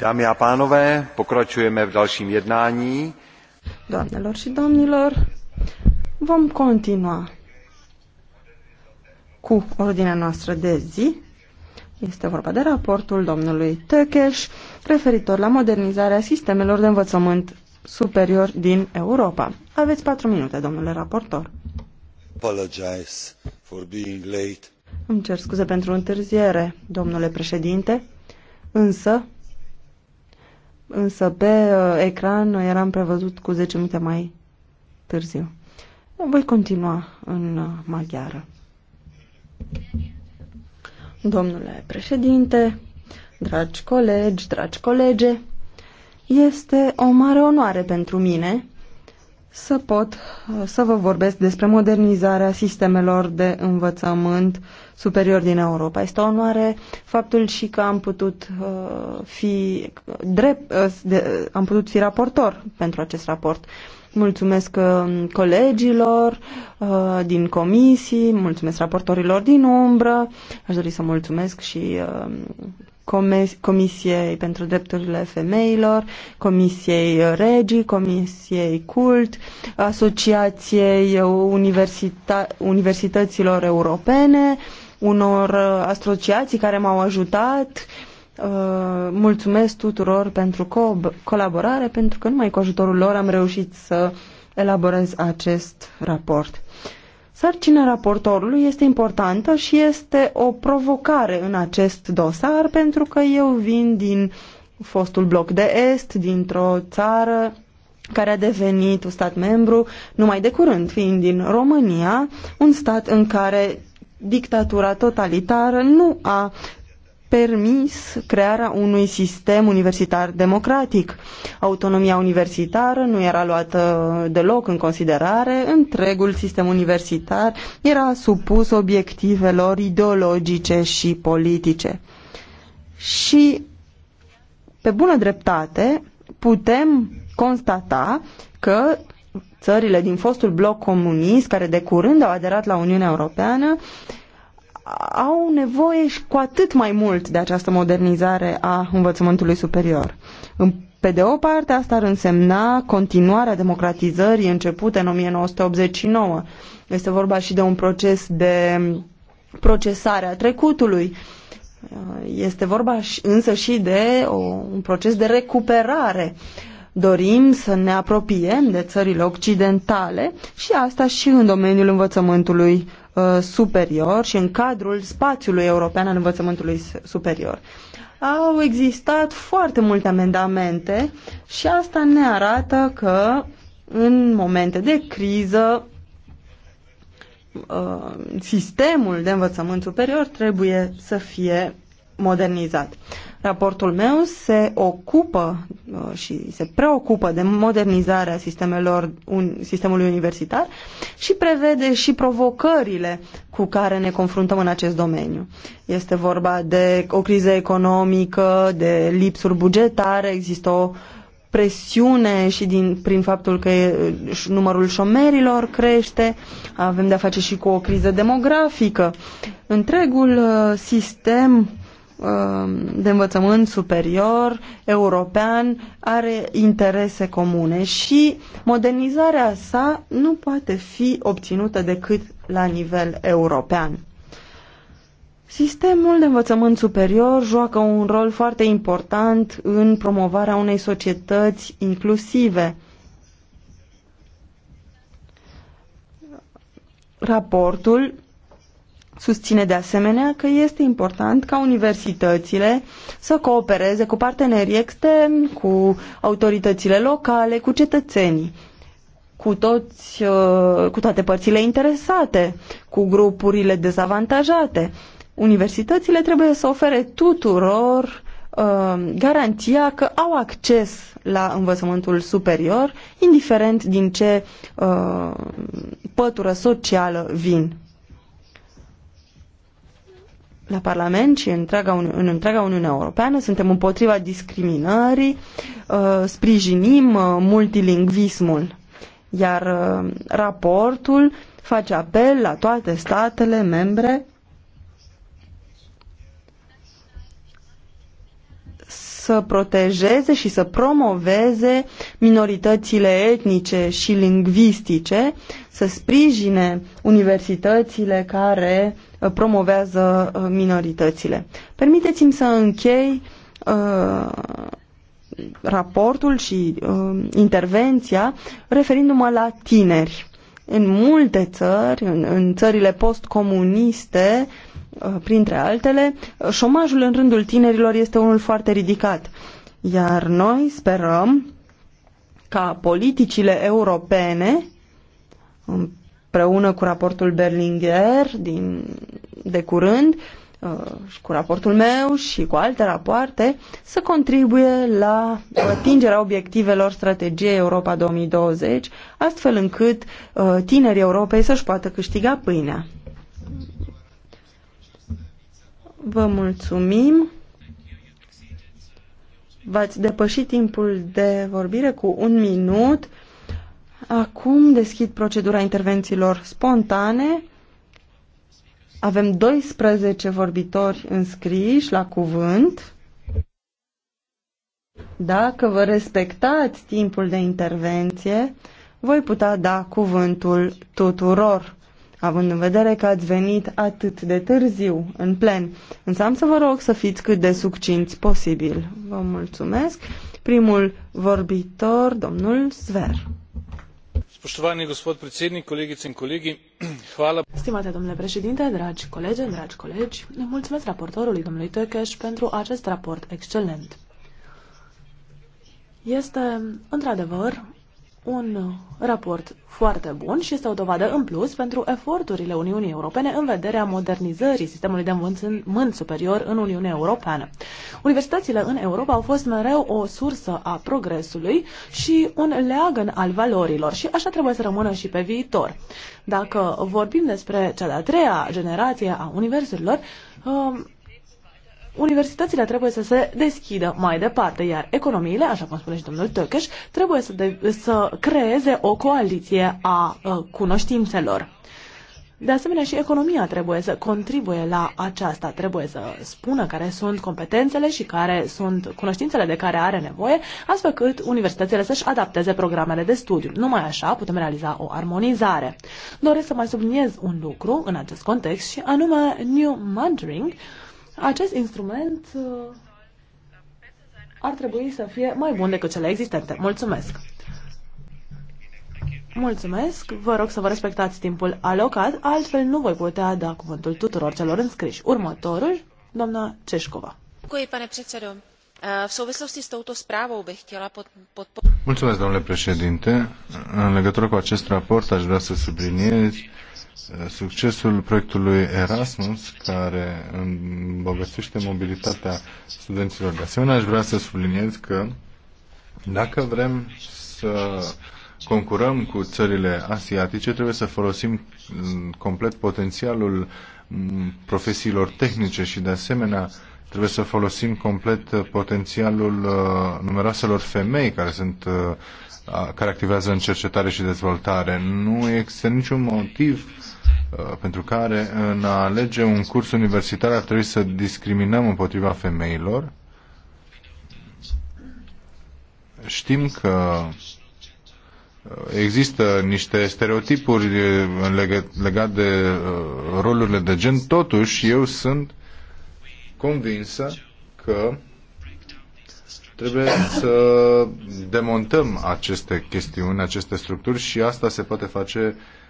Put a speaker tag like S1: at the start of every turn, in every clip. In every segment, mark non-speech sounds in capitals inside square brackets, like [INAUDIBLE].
S1: Dámy a pánové, pokračujeme v dalším jednání. Doamnelor și domnilor,
S2: vom continua cu ordinea noastră de zi. Este vorba de raportul domnului Tăcheș referitor la modernizarea sistemelor de învățământ superior din Europa. Aveți patru minute, domnule raportor.
S1: Apologize for being late.
S2: Îmi cer scuze pentru întârziere, domnule președinte, însă însă pe uh, ecran eram prevăzut cu 10 minute mai târziu. Voi continua în uh, maghiară. Domnule președinte, dragi colegi, dragi colege, este o mare onoare pentru mine să pot să vă vorbesc despre modernizarea sistemelor de învățământ superior din Europa. Este o onoare faptul și că am putut uh, fi drept, uh, de, am putut fi raportor pentru acest raport. Mulțumesc uh, colegilor uh, din comisii, mulțumesc raportorilor din umbră. Aș dori să mulțumesc și uh, Comisiei pentru Drepturile Femeilor, Comisiei Regii, Comisiei Cult, Asociației Universita Universităților Europene, unor asociații care m-au ajutat. Uh, mulțumesc tuturor pentru co colaborare, pentru că numai cu ajutorul lor am reușit să elaborez acest raport. Sarcina raportorului este importantă și este o provocare în acest dosar pentru că eu vin din fostul bloc de est, dintr-o țară care a devenit un stat membru numai de curând, fiind din România, un stat în care dictatura totalitară nu a permis crearea unui sistem universitar democratic. Autonomia universitară nu era luată deloc în considerare, întregul sistem universitar era supus obiectivelor ideologice și politice. Și, pe bună dreptate, putem constata că țările din fostul bloc comunist, care de curând au aderat la Uniunea Europeană, au nevoie și cu atât mai mult de această modernizare a învățământului superior. Pe de o parte, asta ar însemna continuarea democratizării începute în 1989. Este vorba și de un proces de procesare a trecutului. Este vorba însă și de o, un proces de recuperare. Dorim să ne apropiem de țările occidentale și asta și în domeniul învățământului Uh, superior și în cadrul spațiului european al învățământului superior. Au existat foarte multe amendamente și asta ne arată că în momente de criză uh, sistemul de învățământ superior trebuie să fie modernizat. Raportul meu se ocupă uh, și se preocupă de modernizarea sistemelor, un, sistemului universitar și prevede și provocările cu care ne confruntăm în acest domeniu. Este vorba de o criză economică, de lipsuri bugetare, există o presiune și din, prin faptul că numărul șomerilor crește, avem de-a face și cu o criză demografică. Întregul uh, sistem Um, de învățământ superior european are interese comune și modernizarea sa nu poate fi obținută decât la nivel european. Sistemul de învățământ superior joacă un rol foarte important în promovarea unei societăți inclusive. Raportul Susține de asemenea că este important ca universitățile să coopereze cu partenerii externi, cu autoritățile locale, cu cetățenii, cu, toți, uh, cu toate părțile interesate, cu grupurile dezavantajate. Universitățile trebuie să ofere tuturor uh, garanția că au acces la învățământul superior, indiferent din ce uh, pătură socială vin la Parlament și în întreaga, în întreaga Uniune Europeană suntem împotriva discriminării, uh, sprijinim uh, multilingvismul, iar uh, raportul face apel la toate statele membre să protejeze și să promoveze minoritățile etnice și lingvistice, să sprijine universitățile care promovează uh, minoritățile. Permiteți-mi să închei uh, raportul și uh, intervenția referindu-mă la tineri. În multe țări, în, în țările postcomuniste, uh, printre altele, șomajul în rândul tinerilor este unul foarte ridicat. Iar noi sperăm ca politicile europene împreună cu raportul Berlinger din, de curând uh, și cu raportul meu și cu alte rapoarte să contribuie la atingerea obiectivelor strategiei Europa 2020, astfel încât uh, tinerii Europei să-și poată câștiga pâinea. Vă mulțumim. V-ați depășit timpul de vorbire cu un minut. Acum deschid procedura intervențiilor spontane. Avem 12 vorbitori înscriși la cuvânt. Dacă vă respectați timpul de intervenție, voi putea da cuvântul tuturor, având în vedere că ați venit atât de târziu în plen. Însă am să vă rog să fiți cât de succinți posibil. Vă mulțumesc. Primul vorbitor, domnul Sver.
S1: Spoštovani gospod predsednik, kolegice [CLEARS THROAT]
S2: Stimate domnule președinte, dragi
S3: colegi, dragi colegi, mulțumesc raportorului domnului Tăcheș pentru acest raport excelent. Este, într-adevăr, un raport foarte bun și este o dovadă în plus pentru eforturile Uniunii Europene în vederea modernizării sistemului de învățământ superior în Uniunea Europeană. Universitățile în Europa au fost mereu o sursă a progresului și un leagăn al valorilor și așa trebuie să rămână și pe viitor. Dacă vorbim despre cea de-a treia generație a universităților, um, universitățile trebuie să se deschidă mai departe, iar economiile, așa cum spune și domnul Tăcăș, trebuie să, de, să creeze o coaliție a uh, cunoștințelor. De asemenea, și economia trebuie să contribuie la aceasta, trebuie să spună care sunt competențele și care sunt cunoștințele de care are nevoie, astfel cât universitățile să-și adapteze programele de studiu. Numai așa putem realiza o armonizare. Doresc să mai subliniez un lucru în acest context și anume New Mentoring, acest instrument uh, ar trebui să fie mai bun decât cele existente. Mulțumesc! Mulțumesc, vă rog să vă respectați timpul alocat, altfel nu voi putea da cuvântul tuturor celor înscriși. Următorul, doamna Ceșcova.
S4: Eh,
S1: Mulțumesc, domnule președinte. În legătură cu acest raport aș vrea să subliniez Eh, succesul proiectului Erasmus, care îmbogățește mobilitatea studenților. De asemenea, aș vrea să subliniez că dacă vrem să concurăm cu țările asiatice, trebuie să folosim mm, complet potențialul mm, profesiilor tehnice și, de asemenea, trebuie să folosim complet potențialul uh, numeroaselor femei care sunt uh, care activează în cercetare și dezvoltare. Nu există niciun motiv Uh, pentru care în a alege un curs universitar ar trebui să discriminăm împotriva femeilor. Știm că uh, există niște stereotipuri uh, legate de rolurile de gen, totuși eu sunt convinsă că trebuie să demontăm aceste chestiuni, aceste structuri și asta se poate face uh,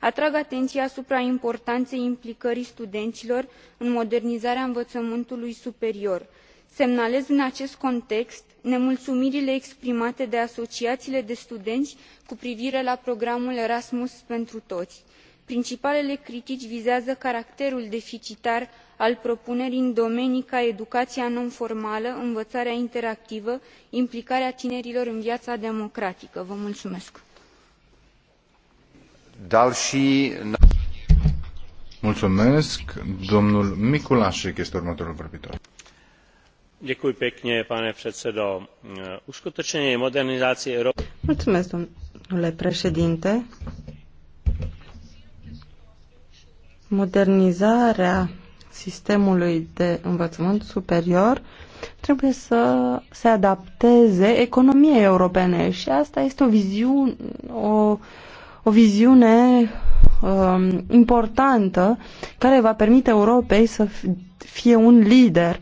S4: atrag atenia asupra importanei implicării studenilor în modernizarea învăământului superior. semnalez în acest context nemulumirile exprimate de asociaiile de studeni cu privire la programul erasmus pentru toi. principalele critici vizează caracterul deficitar al propunerii în domenii ca educaia non formală învăarea interactivă implicarea tinerilor în viaa democratică.
S1: Další... Mulțumesc. Domnul Mikulášek este următorul vorbitor.
S5: Ďakujem pekne, pane predsedo. Uskutočnenie modernizácie Európy...
S2: Mulțumesc, domnule președinte. Modernizarea sistemului de învățământ superior trebuie să se adapteze economiei europene și asta este o viziune, o o viziune um, importantă care va permite Europei să fie un lider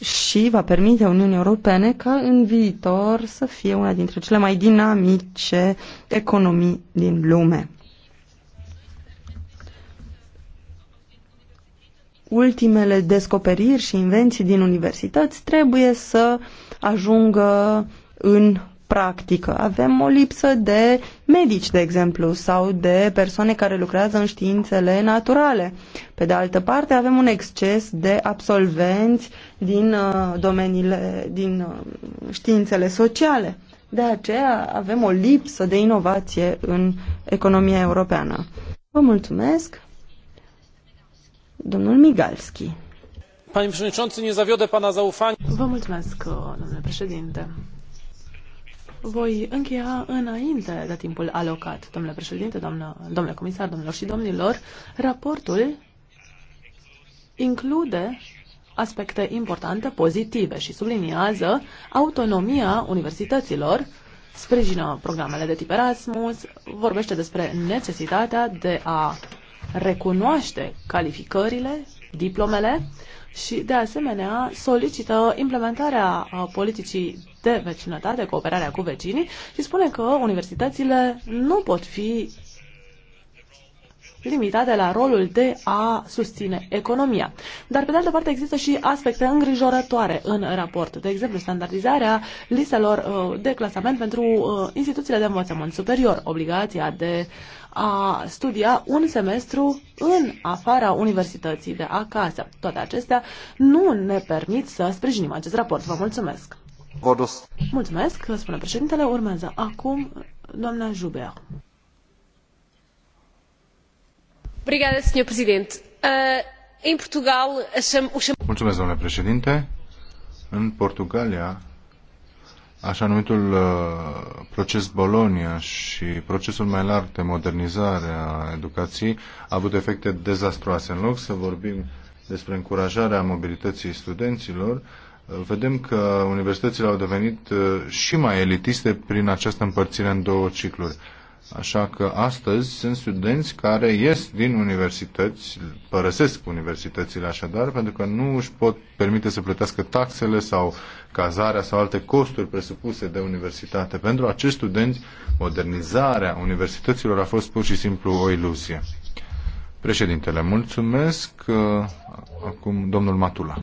S2: și va permite Uniunii Europene ca în viitor să fie una dintre cele mai dinamice economii din lume. ultimele descoperiri și invenții din universități trebuie să ajungă în practică. Avem o lipsă de medici, de exemplu, sau de persoane care lucrează în științele naturale. Pe de altă parte, avem un exces de absolvenți din uh, domeniile, din uh, științele sociale. De aceea avem o lipsă de inovație în economia europeană. Vă mulțumesc. Domnul Migalski.
S3: Panie przewodniczący, nie zawiodę pana zaufania. Vă mulțumesc, uh, domnule președinte. Voi încheia înainte de timpul alocat, domnule președinte, doamnă, domnule comisar, domnilor și domnilor. Raportul include aspecte importante, pozitive și subliniază autonomia universităților, sprijină programele de tip Erasmus, vorbește despre necesitatea de a recunoaște calificările, diplomele, și, de asemenea, solicită implementarea politicii de vecinătate, cooperarea cu vecinii și spune că universitățile nu pot fi limitate la rolul de a susține economia. Dar, pe de altă parte, există și aspecte îngrijorătoare în raport. De exemplu, standardizarea listelor uh, de clasament pentru uh, instituțiile de învățământ superior, obligația de a studia un semestru în afara universității de acasă. Toate acestea nu ne permit să sprijinim acest raport. Vă mulțumesc! Mulțumesc, spune președintele. Urmează acum doamna Jubea.
S4: Ah,
S1: Mulțumesc, domnule președinte. În Portugalia, așa numitul ah, proces Bologna și procesul mai larg de modernizare a educației a avut efecte dezastroase. În loc să vorbim despre încurajarea mobilității studenților, vedem că universitățile au devenit ah, și mai elitiste prin această împărțire în două cicluri Așa că astăzi sunt studenți care ies din universități, părăsesc universitățile așadar, pentru că nu își pot permite să plătească taxele sau cazarea sau alte costuri presupuse de universitate. Pentru acești studenți, modernizarea universităților a fost pur și simplu o iluzie. Președintele, mulțumesc. Acum domnul Matula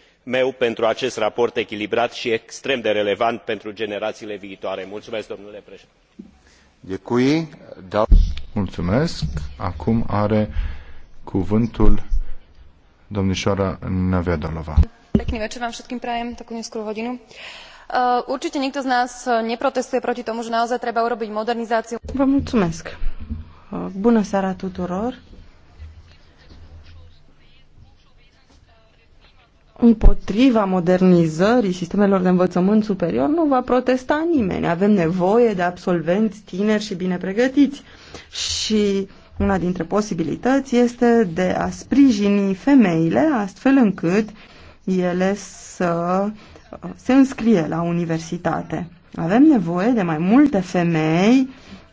S5: meu pentru acest raport echilibrat i extrem de relevant pentru generaiile viitoare. domnule
S1: Mulțumesc. Acum are cuvântul
S2: uh, určite nikto z nás uh, neprotestuje proti tomu, že naozaj treba urobiť modernizáciu. mulțumesc. Uh, bună seara tuturor. împotriva modernizării sistemelor de învățământ superior nu va protesta nimeni. Avem nevoie de absolvenți tineri și bine pregătiți. Și una dintre posibilități este de a sprijini femeile astfel încât ele să uh, se înscrie la universitate. Avem nevoie de mai multe femei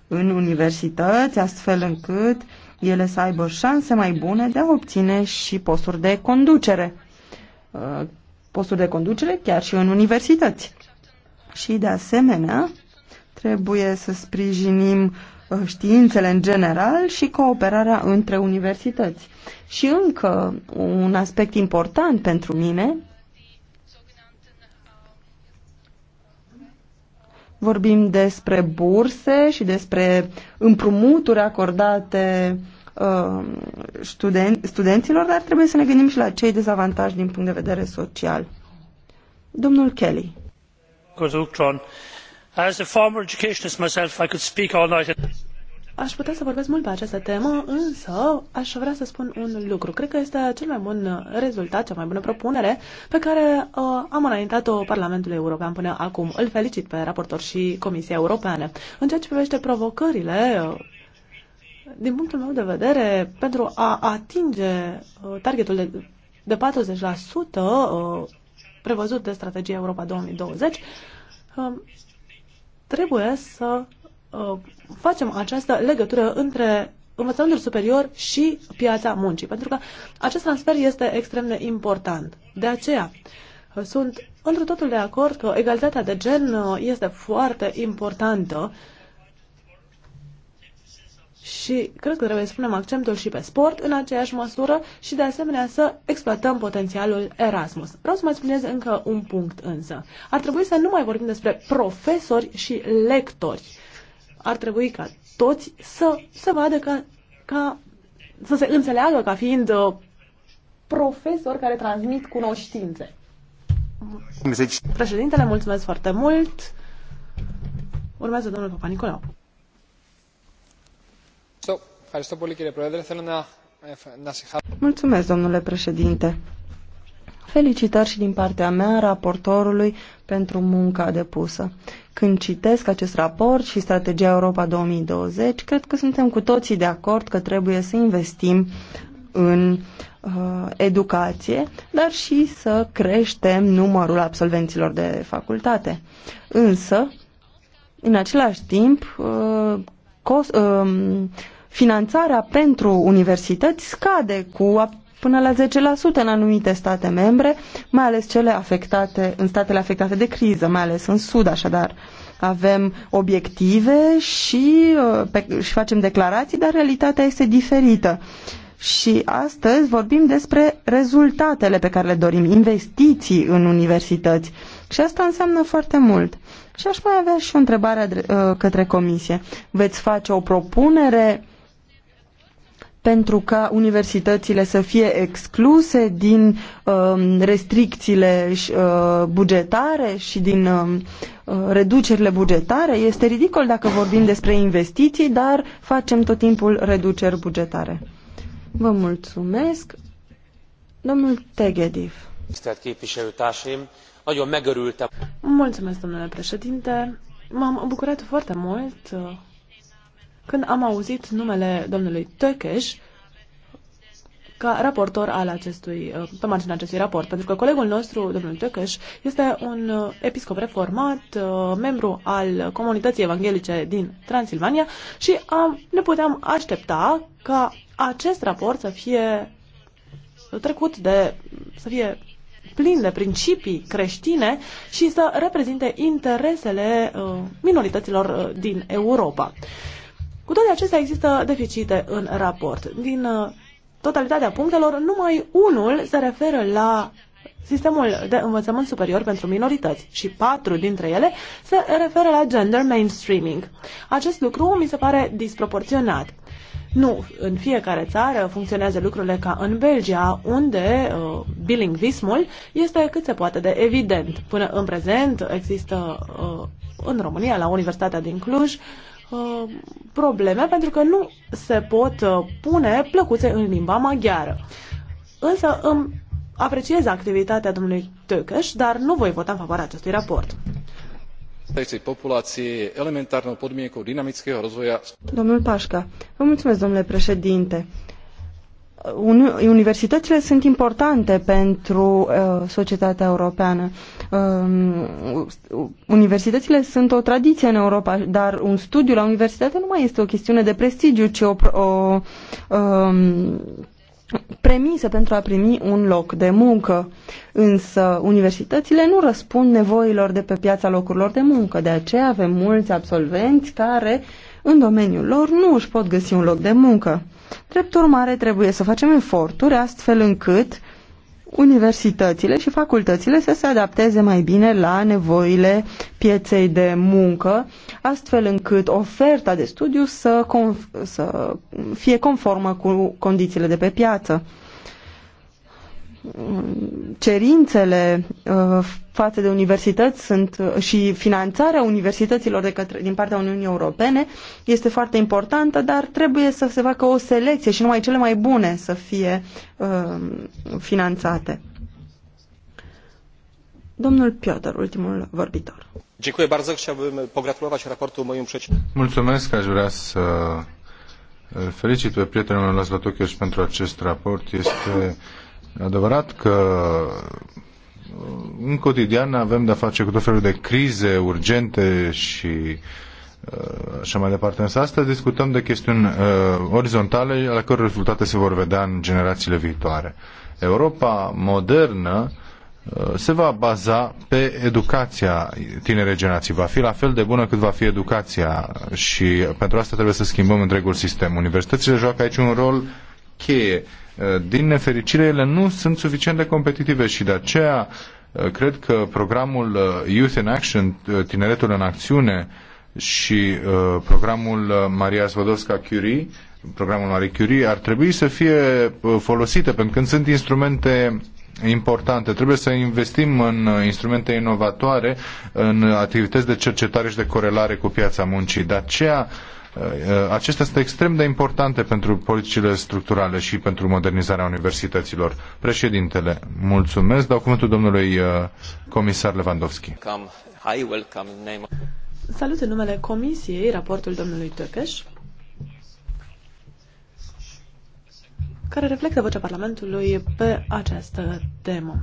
S2: în universități astfel încât ele să aibă șanse mai bune de a obține și posturi de conducere Uh, posturi de conducere, chiar și în universități. Și de asemenea, trebuie să sprijinim uh, științele în general și cooperarea între universități. Și încă un aspect important pentru mine, vorbim despre burse și despre împrumuturi acordate uh, Uh, studen studenților, dar trebuie să ne gândim și la cei dezavantaj din punct de vedere social. Domnul Kelly.
S1: As a former educationist myself, I could
S4: speak all night.
S3: Aș putea să vorbesc mult pe această temă, însă aș vrea să spun un lucru. Cred că este cel mai bun rezultat, cea mai bună propunere pe care uh, am înaintat-o Parlamentului European până acum. Îl felicit pe raportor și Comisia Europeană. În ceea ce privește provocările uh, din punctul meu de vedere, pentru a atinge uh, targetul de, de 40% uh, prevăzut de strategia Europa 2020, uh, trebuie să facem această legătură între învățământul superior și piața muncii, pentru că acest transfer este extrem de important. De aceea, sunt într totul de acord că egalitatea de gen este foarte importantă și cred că trebuie să punem accentul și pe sport în aceeași măsură și de asemenea să exploatăm potențialul Erasmus. Vreau să mai spuneți încă un punct însă. Ar trebui să nu mai vorbim despre profesori și lectori. Ar trebui ca toți să se vadă ca, ca să se înțeleagă ca fiind uh, profesori care transmit cunoștințe. Președintele, mulțumesc foarte mult. Urmează domnul Papa Nicolau.
S2: Mulțumesc, domnule președinte. Felicitări și din partea mea raportorului pentru munca depusă. Când citesc acest raport și strategia Europa 2020, cred că suntem cu toții de acord că trebuie să investim în uh, educație, dar și să creștem numărul absolvenților de facultate. Însă, în același timp, uh, cost, uh, finanțarea pentru universități scade cu până la 10% în anumite state membre, mai ales cele afectate, în statele afectate de criză, mai ales în Sud, așadar avem obiective și, uh, pe, și facem declarații, dar realitatea este diferită. Și astăzi vorbim despre rezultatele pe care le dorim, investiții în universități. Și asta înseamnă foarte mult. Și aș mai avea și o întrebare uh, către comisie. Veți face o propunere pentru ca universitățile să fie excluse din um, restricțiile uh, bugetare și din um, uh, reducerile bugetare. Este ridicol dacă vorbim despre investiții, dar facem tot timpul reduceri bugetare. Vă mulțumesc. Domnul Tegediv.
S3: Mulțumesc, domnule președinte. M-am bucurat foarte mult când am auzit numele domnului Tökeș ca raportor al acestui, uh, pe marginea acestui raport, pentru că colegul nostru, domnul Tökeș, este un uh, episcop reformat, uh, membru al comunității evanghelice din Transilvania și am, ne puteam aștepta ca acest raport să fie trecut de, să fie plin de principii creștine și să reprezinte interesele minorităților din Europa. Cu toate acestea există deficite în raport. Din uh, totalitatea punctelor, numai unul se referă la sistemul de învățământ superior pentru minorități și patru dintre ele se referă la gender mainstreaming. Acest lucru mi se pare disproporționat. Nu, în fiecare țară funcționează lucrurile ca în Belgia, unde uh, bilingvismul este cât se poate de evident. Până în prezent există uh, în România, la Universitatea din Cluj, Uh, probleme pentru că nu se pot uh, pune plăcuțe în limba maghiară. Însă îmi apreciez activitatea domnului Tăcăș, dar nu voi vota
S2: în favoarea acestui raport.
S1: populației elementarnou podmienkou dinamického rozvoja.
S2: Domnul Pașca, vă mulțumesc, domnule președinte universitățile sunt importante pentru uh, societatea europeană. Um, universitățile sunt o tradiție în Europa, dar un studiu la universitate nu mai este o chestiune de prestigiu, ci o, o um, premisă pentru a primi un loc de muncă. Însă universitățile nu răspund nevoilor de pe piața locurilor de muncă, de aceea avem mulți absolvenți care în domeniul lor nu își pot găsi un loc de muncă Drept urmare, trebuie să facem eforturi astfel încât universitățile și facultățile să se adapteze mai bine la nevoile pieței de muncă, astfel încât oferta de studiu să, să fie conformă cu condițiile de pe piață cerințele uh, față de universități sunt, uh, și finanțarea universităților de către, din partea Uniunii Europene este foarte importantă, dar trebuie să se facă o selecție și numai cele mai bune să fie uh, finanțate. Domnul Piotr, ultimul vorbitor. Dziękuję
S5: bardzo. Chciałbym pogratulować raportu moim przeciwnikom.
S1: Mulțumesc, aș vrea să felicit pe prietenul meu Laszlo pentru acest raport. Este adevărat că uh, în cotidian avem de-a face cu tot felul de crize urgente și uh, așa mai departe. Însă astăzi discutăm de chestiuni uh, orizontale ale căror rezultate se vor vedea în generațiile viitoare. Europa modernă uh, se va baza pe educația tinerei generații. Va fi la fel de bună cât va fi educația și pentru asta trebuie să schimbăm întregul sistem. Universitățile joacă aici un rol cheie din nefericire, ele nu sunt suficient de competitive și de aceea uh, cred că programul uh, Youth in Action, uh, Tineretul în Acțiune și programul Maria Svodovska Curie, programul Marie Curie, ar trebui să fie folosite pentru că sunt instrumente importante. Trebuie să investim în instrumente inovatoare, în activități de cercetare și de corelare cu piața muncii. De aceea, Uh, acestea sunt extrem de importante pentru politicile structurale și pentru modernizarea universităților. Președintele, mulțumesc. Dau cuvântul domnului uh, comisar Lewandowski.
S3: Salut în numele Comisiei, raportul domnului Tăcăș, care reflectă vocea Parlamentului pe această temă.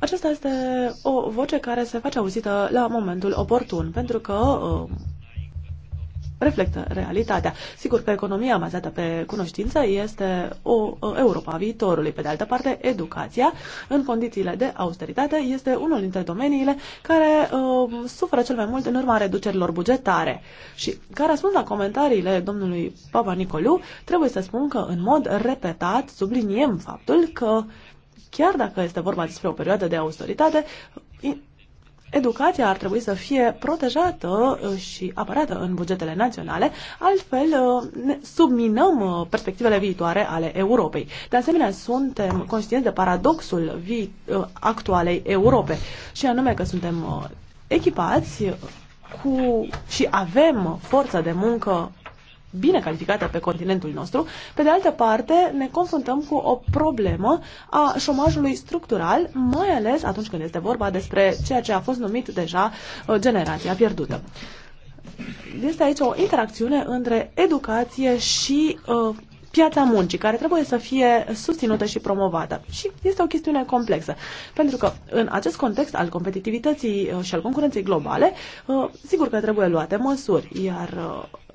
S3: Aceasta este o voce care se face auzită la momentul oportun, pentru că uh, reflectă realitatea. Sigur că economia bazată pe cunoștință este o Europa viitorului. Pe de altă parte, educația în condițiile de austeritate este unul dintre domeniile care uh, suferă cel mai mult în urma reducerilor bugetare. Și ca răspuns la comentariile domnului Papa Nicoliu, trebuie să spun că în mod repetat subliniem faptul că chiar dacă este vorba despre o perioadă de austeritate, educația ar trebui să fie protejată uh, și apărată în bugetele naționale, altfel uh, subminăm uh, perspectivele viitoare ale Europei. De asemenea, suntem conștienți de paradoxul vi- actualei Europe și anume că suntem echipați cu, și avem forță de muncă bine calificate pe continentul nostru, pe de altă parte ne confruntăm cu o problemă a șomajului structural, mai ales atunci când este vorba despre ceea ce a fost numit deja uh, generația pierdută. Este aici o interacțiune între educație și uh, piața muncii, care trebuie să fie susținută și promovată. Și este o chestiune complexă, pentru că în acest context al competitivității uh, și al concurenței globale, uh, sigur că trebuie luate măsuri, iar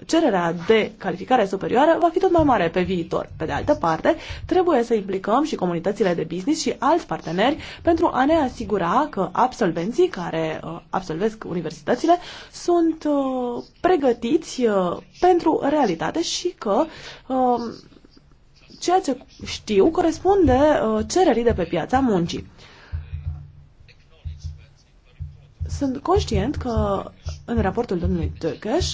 S3: cererea de calificare superioară va fi tot mai mare pe viitor. Pe de altă parte, trebuie să implicăm și comunitățile de business și alți parteneri pentru a ne asigura că absolvenții care uh, absolvesc universitățile sunt uh, pregătiți uh, pentru realitate și că uh, ceea ce știu corespunde uh, cererii de pe piața muncii. Sunt conștient că în raportul domnului Turkish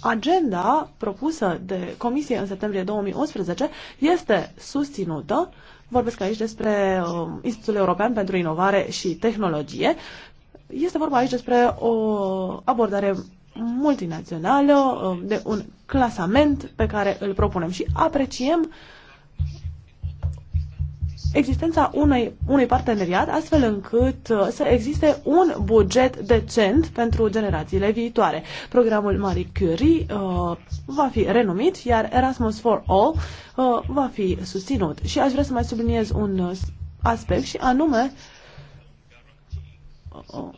S3: agenda propusă de Comisie în septembrie 2011 este susținută. Vorbesc aici despre uh, Institutul European pentru Inovare și Tehnologie. Este vorba aici despre o abordare multinațională, uh, de un clasament pe care îl propunem și apreciem uh, existența unei, unui parteneriat astfel încât uh, să existe un buget decent pentru generațiile viitoare. Programul Marie Curie uh, va fi renumit, iar Erasmus for All uh, va fi susținut. Și aș vrea să mai subliniez un uh, aspect și anume uh,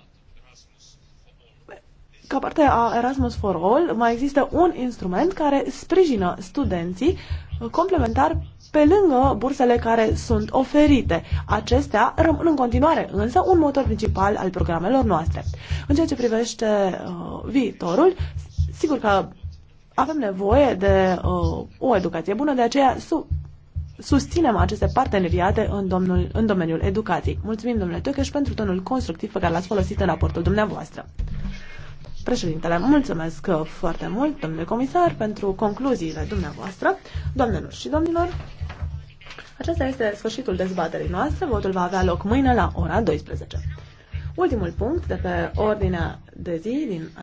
S3: ca parte a Erasmus for All mai există un instrument care sprijină studenții complementar pe lângă bursele care sunt oferite. Acestea rămân în continuare însă un motor principal al programelor noastre. În ceea ce privește uh, viitorul, sigur că avem nevoie de uh, o educație bună, de aceea su- susținem aceste parteneriate în, domnul, în domeniul educației. Mulțumim, domnule Tăcăș, pentru tonul constructiv pe care l-ați folosit în raportul dumneavoastră. Președintele, mulțumesc uh, foarte mult, domnule comisar, pentru concluziile dumneavoastră. Doamnelor și domnilor, acesta este sfârșitul dezbaterii noastre. Votul va avea loc mâine la ora 12. Ultimul punct de pe ordinea de zi din